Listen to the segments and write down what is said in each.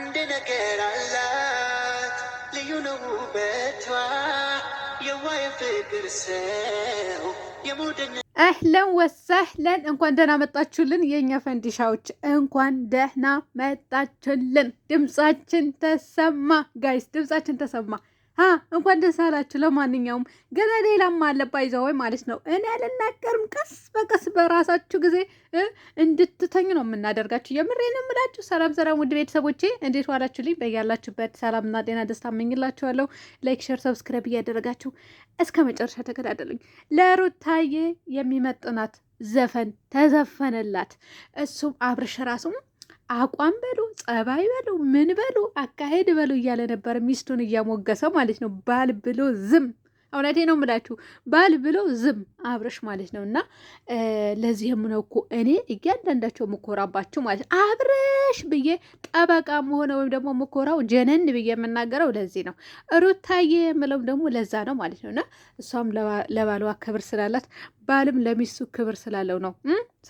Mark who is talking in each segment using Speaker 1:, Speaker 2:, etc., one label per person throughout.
Speaker 1: አንድ ነገር አላት ልዩ ነው ውበቷ የዋህ የፍቅር ሰው የሞደነ አህለን ወሰህለን እንኳን ደህና መጣችሁልን፣ የእኛ ፈንዲሻዎች እንኳን ደህና መጣችሁልን። ድምጻችን ተሰማ ጋይስ፣ ድምጻችን ተሰማ። እንኳን ደስ አላችሁ። ለማንኛውም ገና ሌላም አለ ይዘው ወይ ማለት ነው። እኔ አልናገርም። ቀስ በቀስ በራሳችሁ ጊዜ እንድትተኙ ነው የምናደርጋችሁ። የምሬ ነው የምላችሁ። ሰላም ሰላም፣ ውድ ቤተሰቦቼ እንዴት ዋላችሁልኝ? በያላችሁበት ሰላምና ጤና ደስታ እመኝላችኋለሁ። ላይክ፣ ሸር፣ ሰብስክራይብ እያደረጋችሁ እስከ መጨረሻ ተከታተሉኝ። ለሩታዬ የሚመጥናት ዘፈን ተዘፈነላት። እሱም አብርሽ ራሱም አቋም በሉ ጸባይ በሉ ምን በሉ አካሄድ በሉ እያለ ነበር ሚስቱን እያሞገሰው ማለት ነው። ባል ብሎ ዝም እውነቴ ነው የምላችሁ ባል ብለው ዝም አብረሽ ማለት ነው። እና ለዚህም ነው እኮ እኔ እያንዳንዳቸው ምኮራባቸው ማለት ነው። ብዬ ጠበቃ መሆነ ወይም ደግሞ ምኮራው ጀነን ብዬ የምናገረው ለዚህ ነው። ሩታዬ የምለውም ደግሞ ለዛ ነው ማለት ነው። እና እሷም ለባሏ ክብር ስላላት ባልም ለሚስቱ ክብር ስላለው ነው።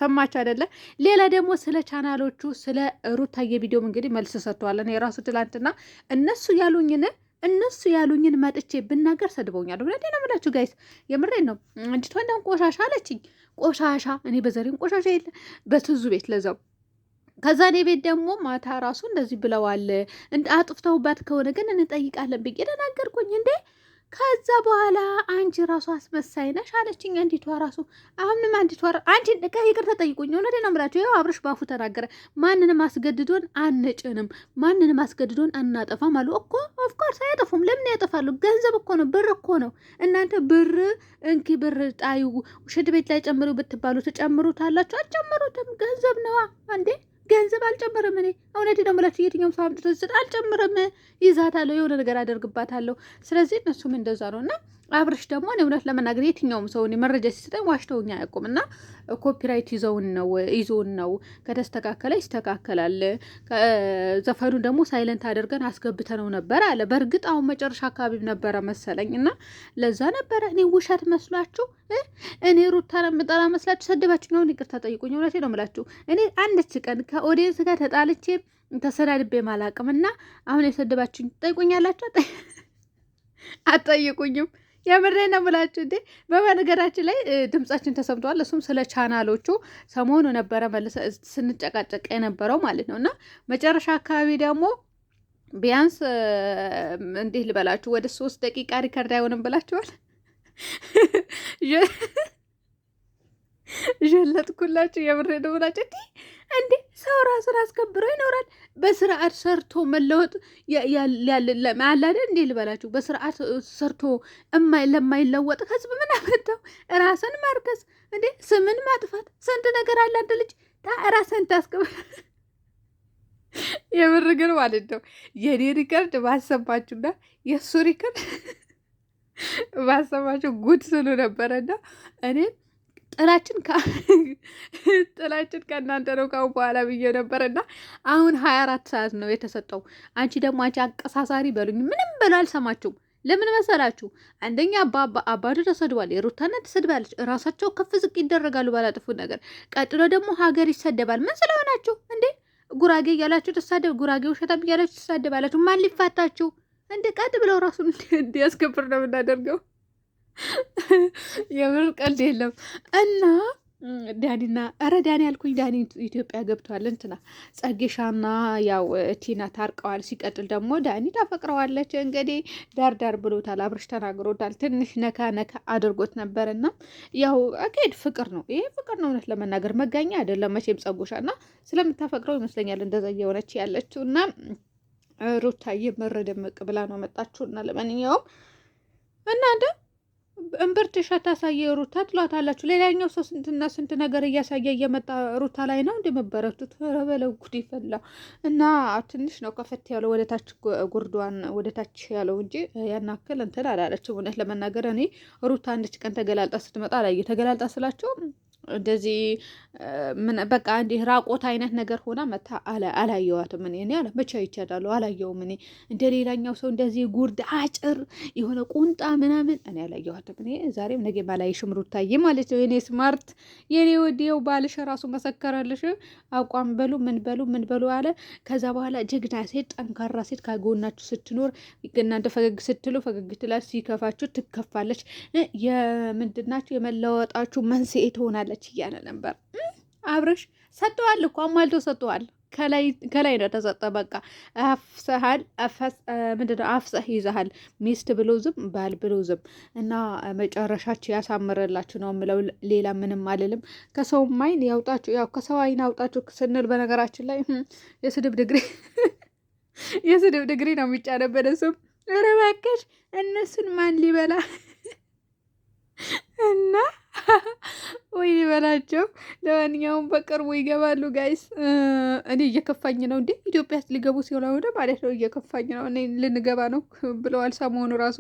Speaker 1: ሰማችሁ አይደለ? ሌላ ደግሞ ስለ ቻናሎቹ ስለ ሩታዬ ቪዲዮም እንግዲህ መልስ ሰጥተዋለን። የራሱ ትላንትና እነሱ ያሉኝን እነሱ ያሉኝን መጥቼ ብናገር ሰድበውኛል። እውነቴን ነው የምላችሁ ጋይስ፣ የምሬን ነው። እንዲቷ እንደውም ቆሻሻ አለችኝ። ቆሻሻ እኔ በዘሬም ቆሻሻ የለ በትዙ ቤት ለዛው ከዛ እኔ ቤት ደግሞ ማታ ራሱ እንደዚህ ብለዋል። አጥፍተውባት ከሆነ ግን እንጠይቃለን ብዬ ተናገርኩኝ እንዴ ከዛ በኋላ አንቺ ራሱ አስመሳይ ነሽ አለችኝ። አንዲቷ ራሱ አሁንም አንዲቷ አንቺ ይቅርታ ጠይቁኝ፣ እውነቴን ነው የምላቸው። ይኸው አብርሽ ባፉ ተናገረ። ማንንም አስገድዶን አንጭንም፣ ማንንም አስገድዶን አናጠፋም አሉ እኮ። ኦፍኮርስ አያጠፉም። ለምን ያጠፋሉ? ገንዘብ እኮ ነው፣ ብር እኮ ነው። እናንተ ብር እንኪ ብር ጣዩ፣ ሽድ ቤት ላይ ጨምሩ ብትባሉ ትጨምሩታላችሁ? አልጨምሩትም። ገንዘብ ነዋ እንዴ ገንዘብ አልጨምርም። እኔ እውነት ነው የምላችሁ፣ የትኛውም ሰው አምጥቶ ስጥ አልጨምርም፣ ይዛታለሁ፣ የሆነ ነገር አደርግባታለሁ። ስለዚህ እነሱም እንደዛ ነው እና አብርሽ ደግሞ እኔ እውነት ለመናገር የትኛውም ሰው እኔ መረጃ ሲሰጠኝ ዋሽተውኛ አያውቁም። እና ኮፒራይት ይዘውን ነው ይዞን ነው ከተስተካከለ ይስተካከላል። ዘፈኑ ደግሞ ሳይለንት አድርገን አስገብተ ነው ነበር አለ። በእርግጥ አሁን መጨረሻ አካባቢ ነበረ መሰለኝ እና ለዛ ነበረ። እኔ ውሸት መስሏችሁ እኔ ሩታ ምጠላ መስላችሁ ሰደባችሁ። አሁን ይቅርታ ጠይቁኝ። እውነቴ ነው የምላችሁ እኔ አንድች ቀን ከኦዲየንስ ጋር ተጣልቼ ተሰዳድቤ ማላቅም እና አሁን የሰደባችሁኝ ጠይቁኛላችሁ አጠይቁኝም የምሬ ነው ብላችሁ እንዴ። በመነገራችን ላይ ድምጻችን ተሰምተዋል። እሱም ስለ ቻናሎቹ ሰሞኑ ነበረ መልሰ ስንጨቃጨቀ የነበረው ማለት ነው እና መጨረሻ አካባቢ ደግሞ ቢያንስ እንዲህ ልበላችሁ ወደ ሶስት ደቂቃ ሪከርድ አይሆንም ብላችኋል። ጀለጥኩላችሁ የምሬ ነው ብላችሁ እንዲ እንዲ ሰው ራሱን አስከብሮ ይኖራል። በስርዓት ሰርቶ መለወጥ ያለማላደ እንዴ ልበላችሁ። በስርዓት ሰርቶ ለማይለወጥ ህዝብ ምን አመጣው? ራስን ማርከስ እንዴ ስምን ማጥፋት ስንት ነገር አለ። አንድ ልጅ ራስን ታስከብር የምር ግን ማለት ነው የኔ ሪከርድ ባሰባችሁና የእሱ ሪከርድ ባሰማችሁ ጉድ ስሉ ነበረና እኔም ጥላችን ጥላችን ከእናንተ ነው ካሁን በኋላ ብዬ ነበር እና አሁን ሀያ አራት ሰዓት ነው የተሰጠው። አንቺ ደግሞ አንቺ አቀሳሳሪ በሉኝ ምንም በሉ አልሰማችሁም። ለምን መሰላችሁ? አንደኛ አባ አባዶ ተሰድቧል፣ የሩታነት ተሰድባለች። እራሳቸው ከፍ ዝቅ ይደረጋሉ ባላጥፉት ነገር። ቀጥሎ ደግሞ ሀገር ይሰደባል። ምን ስለሆናችሁ እንዴ? ጉራጌ እያላችሁ ተሳደብ፣ ጉራጌ ውሸታም እያላችሁ ተሳደባላችሁ። ማን ሊፋታችሁ እንዴ? ቀጥ ብለው ራሱን እንዲያስከብር ነው የምናደርገው። የምር ቀልድ የለም እና ዳኒና ኧረ ዳኒ ያልኩኝ ዳኒ ኢትዮጵያ ገብቷል። እንትና ጸጌሻና ያው ቲና ታርቀዋል። ሲቀጥል ደግሞ ዳኒ ታፈቅረዋለች። እንግዲህ ዳር ዳር ብሎታል። አብርሽ ተናግሮታል። ትንሽ ነካ ነካ አድርጎት ነበር እና ያው አካሄድ ፍቅር ነው። ይሄ ፍቅር ነው። እውነት ለመናገር መጋኛ አይደለም መቼም። ጸጎሻ እና ስለምታፈቅረው ይመስለኛል እንደዛ እየሆነች ያለችው እና ሩታዬ መረደመቅ ብላ ነው መጣችሁና ለማንኛውም እናንተ እምብርት እሸት አሳየ ሩታ አላችሁ። ሌላኛው ሰው ስንትና ስንት ነገር እያሳየ እየመጣ ሩታ ላይ ነው እንደመበረቱት ረበለው ጉድ ይፈላ እና ትንሽ ነው ከፈት ያለው ወደታች ጉርዷን ወደታች ያለው እንጂ ያናክል እንትን አላለችም። እውነት ለመናገር እኔ ሩታ አንድች ቀን ተገላልጣ ስትመጣ ላይ ተገላልጣ ስላቸው እንደዚህ ምን በቃ እንዲህ ራቆት አይነት ነገር ሆና መታ አላየዋትም። ምን እኔ አለ ብቻ ይቻላሉ አላየውም። እኔ እንደ ሌላኛው ሰው እንደዚህ ጉርድ አጭር የሆነ ቁንጣ ምናምን እኔ አላየዋትም። እኔ ዛሬም ነገ ባላይሽም ሩታዬ ማለት ነው። እኔ ስማርት የኔ ወዲው ባልሽ ራሱ መሰከረልሽ። አቋም በሉ ምን በሉ ምን በሉ አለ። ከዛ በኋላ ጀግና ሴት፣ ጠንካራ ሴት ከጎናችሁ ስትኖር እናንተ ፈገግ ስትሉ ፈገግ ትላለች፣ ሲከፋችሁ ትከፋለች። የምንድናችሁ የመለወጣችሁ መንስኤ ትሆናለች። ትሰጠዋለች እያለ ነበር። አብረሽ ሰጠዋል እኮ አሟልቶ ሰጠዋል። ከላይ ነው ተሰጠ። በቃ አፍሰሃል፣ ምንድን አፍሰህ ይዘሃል። ሚስት ብሎ ዝም ባል ብሎ ዝም እና መጨረሻችሁ ያሳምረላችሁ ነው የምለው። ሌላ ምንም አልልም። ከሰውም አይን ያውጣችሁ። ያው ከሰው አይን አውጣችሁ ስንል በነገራችን ላይ የስድብ ድግሪ የስድብ ድግሪ ነው የሚጫነበት። ስም። ኧረ እባክሽ እነሱን ማን ሊበላ እና ወይ በላቸው። ለማንኛውም በቅርቡ ይገባሉ ጋይስ። እኔ እየከፋኝ ነው እንዴ ኢትዮጵያ ሊገቡ ሲሆነ ማለት ነው። እየከፋኝ ነው እኔ ልንገባ ነው ብለዋል። ሰሞኑ ራሱ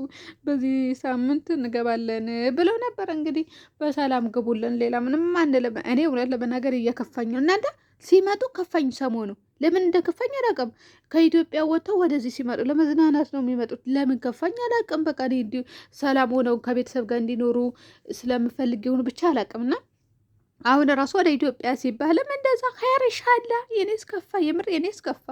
Speaker 1: በዚህ ሳምንት እንገባለን ብለው ነበር። እንግዲህ በሰላም ግቡልን። ሌላ ምንም አንልም። እኔ እውነት ለመናገር እየከፋኝ ነው። እናንተ ሲመጡ ከፋኝ ሰሞኑ ለምን እንደ ከፋኝ አላውቅም። ከኢትዮጵያ ወጥተው ወደዚህ ሲመጡ ለመዝናናት ነው የሚመጡት። ለምን ከፋኝ አላውቅም። በቃ እንዲ ሰላም ሆነው ከቤተሰብ ጋር እንዲኖሩ ስለምፈልግ የሆኑ ብቻ አላውቅም እና አሁን ራሱ ወደ ኢትዮጵያ ሲባልም እንደዛ ከያረሻላ የኔ ስከፋ የምር የኔስ ከፋ።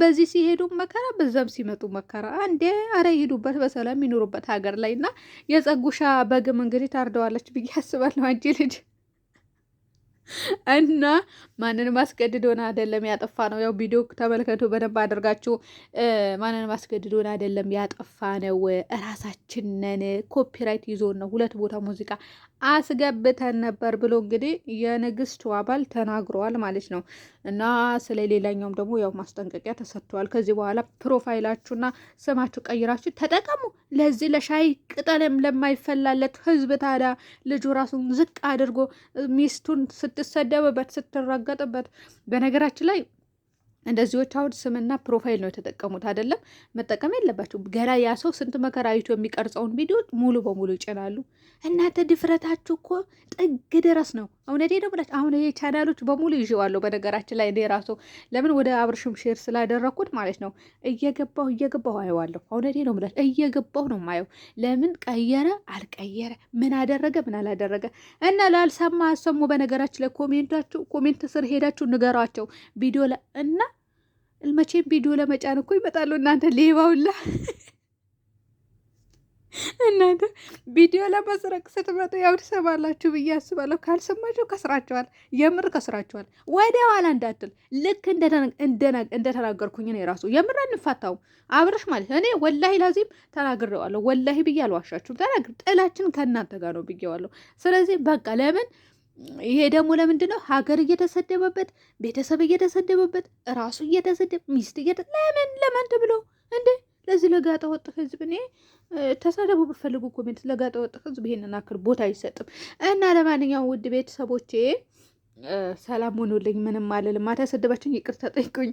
Speaker 1: በዚህ ሲሄዱ መከራ፣ በዛም ሲመጡ መከራ። አንዴ አረ ይሄዱበት በሰላም ይኖሩበት ሀገር ላይ እና የጸጉሻ በግም እንግዲህ ታርደዋለች ብዬ አስባለሁ አንቺ ልጅ እና ማንንም አስገድዶን አይደለም ያጠፋ ነው። ያው ቪዲዮ ተመልከቱ በደንብ አድርጋችሁ። ማንንም አስገድዶን አይደለም ያጠፋ ነው፣ እራሳችን ነን። ኮፒራይት ይዞን ነው ሁለት ቦታ ሙዚቃ አስገብተን ነበር ብሎ እንግዲህ የንግስቱ አባል ተናግረዋል ማለት ነው። እና ስለ ሌላኛውም ደግሞ ያው ማስጠንቀቂያ ተሰጥተዋል። ከዚህ በኋላ ፕሮፋይላችሁና ስማችሁ ቀይራችሁ ተጠቀሙ። ለዚህ ለሻይ ቅጠልም ለማይፈላለት ህዝብ ታዲያ ልጁ ራሱን ዝቅ አድርጎ ሚስቱን ስትሰደብበት ስትረገጥበት በነገራችን ላይ እንደዚዎች አሁን ስምና ፕሮፋይል ነው የተጠቀሙት። አይደለም መጠቀም የለባቸውም። ገና ያ ሰው ስንት መከራ አይቶ የሚቀርጸውን ቪዲዮ ሙሉ በሙሉ ይጭናሉ። እናንተ ድፍረታችሁ እኮ ጥግ ድረስ ነው። እውነቴ ነው ብላችሁ አሁን ይሄ ቻናሎች በሙሉ ይዤዋለሁ። በነገራችን ላይ እኔ ራሱ ለምን ወደ አብርሽም ሼር ስላደረግኩት ማለት ነው እየገባሁ እየገባሁ አየዋለሁ። እውነቴ ነው ብላችሁ እየገባሁ ነው ማየው። ለምን ቀየረ አልቀየረ፣ ምን አደረገ ምን አላደረገ እና ላልሰማ አሰሙ። በነገራችን ላይ ኮሜንታችሁ ኮሜንት ስር ሄዳችሁ ንገሯቸው ቪዲዮ እና መቼም ቪዲዮ ለመጫን እኮ ይመጣሉ እናንተ ሌባውላ እናንተ ቪዲዮ ለመስረቅ ስትመጡ ያው ትሰማላችሁ ብዬ አስባለሁ። ካልሰማችሁ ከስራችኋል፣ የምር ከስራችኋል። ወደ ኋላ እንዳትል ልክ እንደተናገርኩኝ ነው የራሱ የምር አንፋታውም። አብረሽ ማለት እኔ ወላሂ ላዚም ተናግሬዋለሁ። ወላሂ ብዬ አልዋሻችሁም። ተናግር ጥላችን ከእናንተ ጋር ነው ብዬዋለሁ። ስለዚህ በቃ ለምን ይሄ ደግሞ ለምንድን ነው ሀገር እየተሰደበበት ቤተሰብ እየተሰደበበት ራሱ እየተሰደበ ሚስት እየተ ለምን ለማን ተብሎ እንዴ ለዚህ ለጋጠ ወጥ ህዝብ እኔ ተሳደቡ ብፈልጉ ኮሜንት ለጋጠ ወጥ ህዝብ ይሄንን አክል ቦታ አይሰጥም። እና ለማንኛውም ውድ ቤተሰቦቼ ሰላም ሆኖልኝ ምንም አልልም። ማታ ሰደባችሁኝ ይቅርታ ጠይቁኝ።